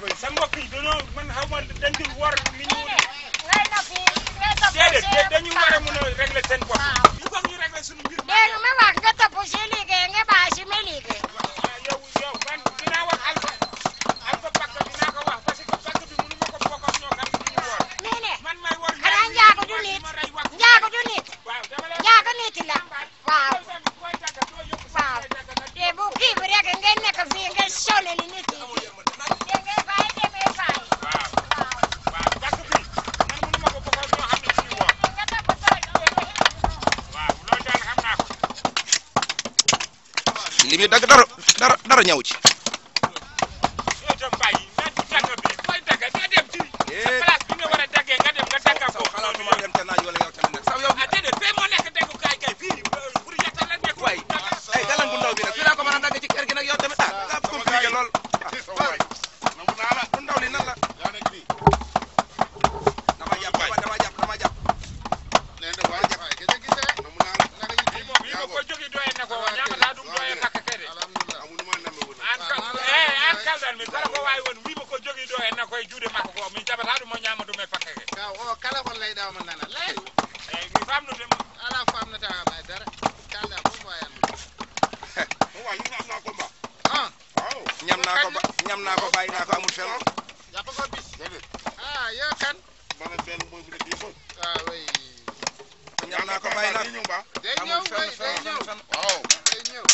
njaago yi sa mbokk yi dañoo man xaw ma dañu war ni ñu. déedéet dañu war a a régler seen bopp. il faut ñu régler suñu mbir. Или дара, дара, дара не учи. ko min jaɓata ɗum o ñama ɗum e pakke ke ka o kala ko leyɗamo nana ley eyyi mi famnotemo ala famnotama ɓay dara kalɗa fof wayanno owa ñamna ko mba ñamna ko ñamna ko ɓayna ko amul fel yappa ko bis a yo kan bana fel moyfude ɗi fo a wey ñamna ko ɓayna dey ñëw dey ñëw dey ñëw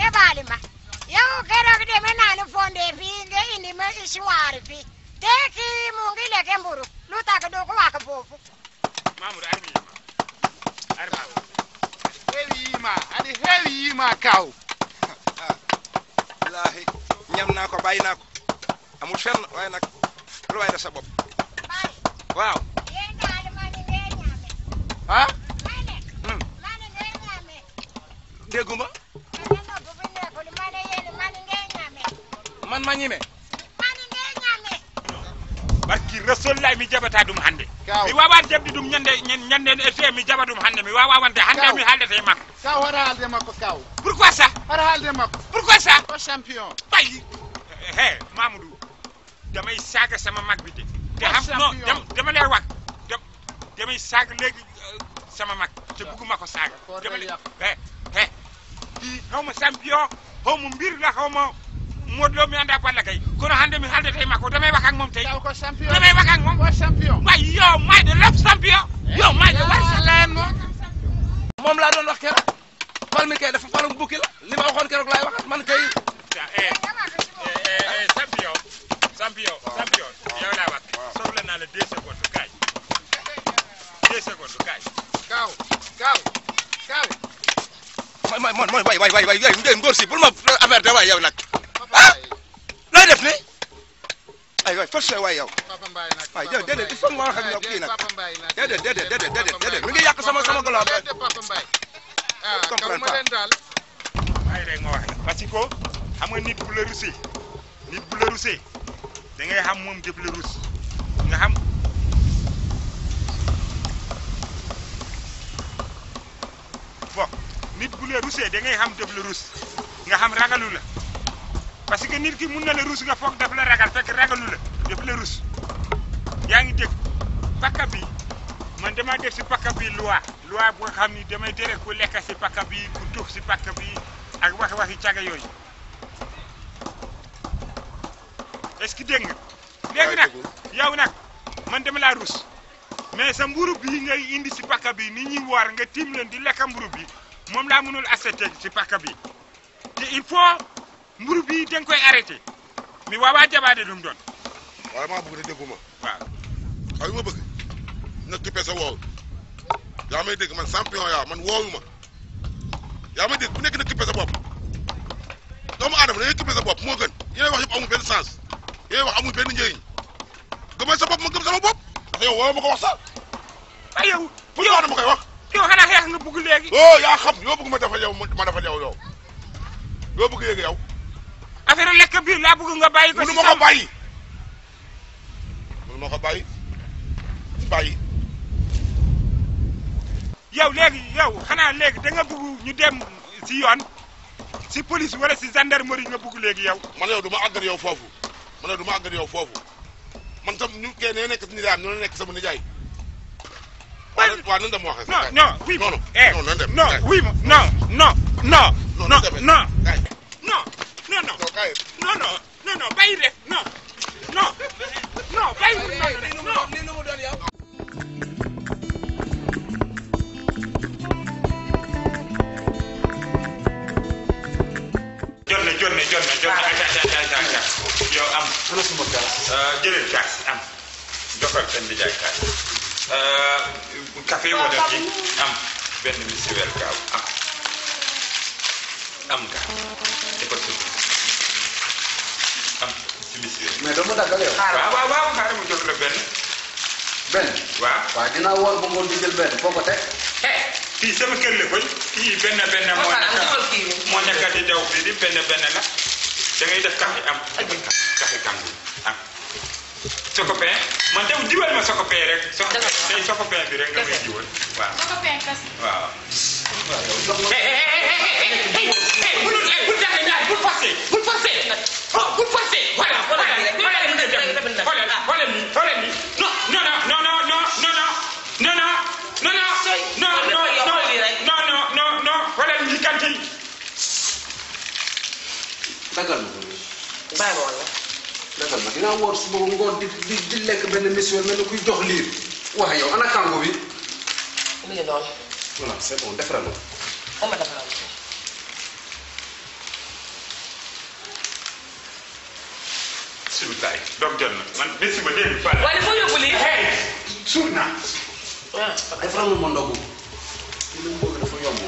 Nebalima. yow keroog deme naa lu fonde fii nga indi ma isuwaari fii te kii mu ngi lekk mburu lu tax doo ko wax foofu Mamour armi ma armi heewi yi ma adi heewi yi ma kaw wallaahi ñam naa ko bàyyi naa ko amul fenn waaye nag lu waay def sa bopp waaw ah dégguma ma ñime barki rasulillahi mi jaɓata ɗum hannde mi wawan jaɓde ɗum ñande ñande ete mi jaɓa ɗum hannde mi wawa wonde hannde mi haaldete e makko kaw hara haalde makko kaw pourquoi ça hara damay saga sama magɓe de ham non dama leer wak damay saga léegi euh, sama mag te bugguma ko saga dama he he hawma champion hawma mbir la hawma Modou Lo mi moom tey doon wax keroog fal mi kay dafa falum bukki la li ma waxoon keroog laay waxat man kay champion champion champion yow laa wax soxla naa la deux secondes kaay deux secondes kaay kaaw kaaw kaaw mooy mooy mooy waay waay waay waay ngóor si bul ma affaire de waay nag fɛsɛ wa yɛ o ayi dɛ dɛ fɛn wa hali k'i na dɛ dɛ dɛ sama sama kala comprend pas ayi rek ma wax la parce que xam nga nit bu la rusé nit bu la rusé da ngay xam moom def la ki mun na la rus nga foog daf la ragal fekk ragal teg si pakk bi loi loi bu nga xam ni damay tere ku lekk si pakk bi ku tux si paka bi ak waxi waxi caga yooyu est-ce que dégg nga léegi nag yow nag man deme laa ruus mais sa mburu bi ngay indi si pakk bi ni ñuy war nga tiim leen di lekk mburu bi moom laa mënul accepté si paka bi te il faut mburu bi da nga koy arrêté mi waawaa jabaade lu doon na tuppee sa woow yaa may dégg man champion yaa man woowu ma yaa ma dégg ku nekk na tuppee sa bopp doomu na dañuy tuppee sa bopp moo gën yéen wax yëpp amul benn sens yéen wax amul benn njëriñ gëmal sa bopp ma gëm sama bopp yow woo ma ko wax sax. yow bu ñu koy wax. yow xanaa xeex nga bëgg léegi. oh yaa xam yoo bëgg ma defal yow ma defal yow yow yoo bëgg yéeg yow. lekk biir laa bëgg nga bàyyi ko. mënu ma ko bàyyi mënu yow léegi yow xanaa léegi da nga bëgg ñu dem si yoon si police wala si gendarmerie nga bëgg léegi yow. man yow du ma àggat yow foofu man yow du ma àggat yow foofu man tam ñu kee nee nekk si nijaayam ñu nekk sama nijaay. waaw waaw nan dem waxee. non non oui non non non non oui non non non non non non non non non non bàyyi de non non non bàyyi falten dijay kan uh, café wo def am ben mi ci wel ka am am ka e ko ci am ci mi ci mais do mo dagal yow ben ben waaw waaw dina wor bu ben foko tek fii sama kër la koy fii Ben benn moo nekk moo di daw fii di benn la da ngay def kafe am kafe kafe kàngu sokopin man tam jiwal ma sokopin rek. dëgg la tey sokopin bi rek nga may jiwal. waaw sokopin kas. waaw. bu dul bu dul jafe ñaar bul forcé bul forcé oh bul forcé voilà voilà xoolal xoolal wér na dinaa woor suba ba ngoon di lekk benn mission bi. ma. moom ma defaral ma. suulaay doog jot na man bési ba dégg fàlle. lii. hey suul naa. ah defaral ma li mu bëgg dafa yomb.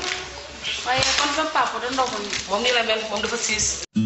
waaye kon sa papa da ndogu moom nii la mel moom dafa siis.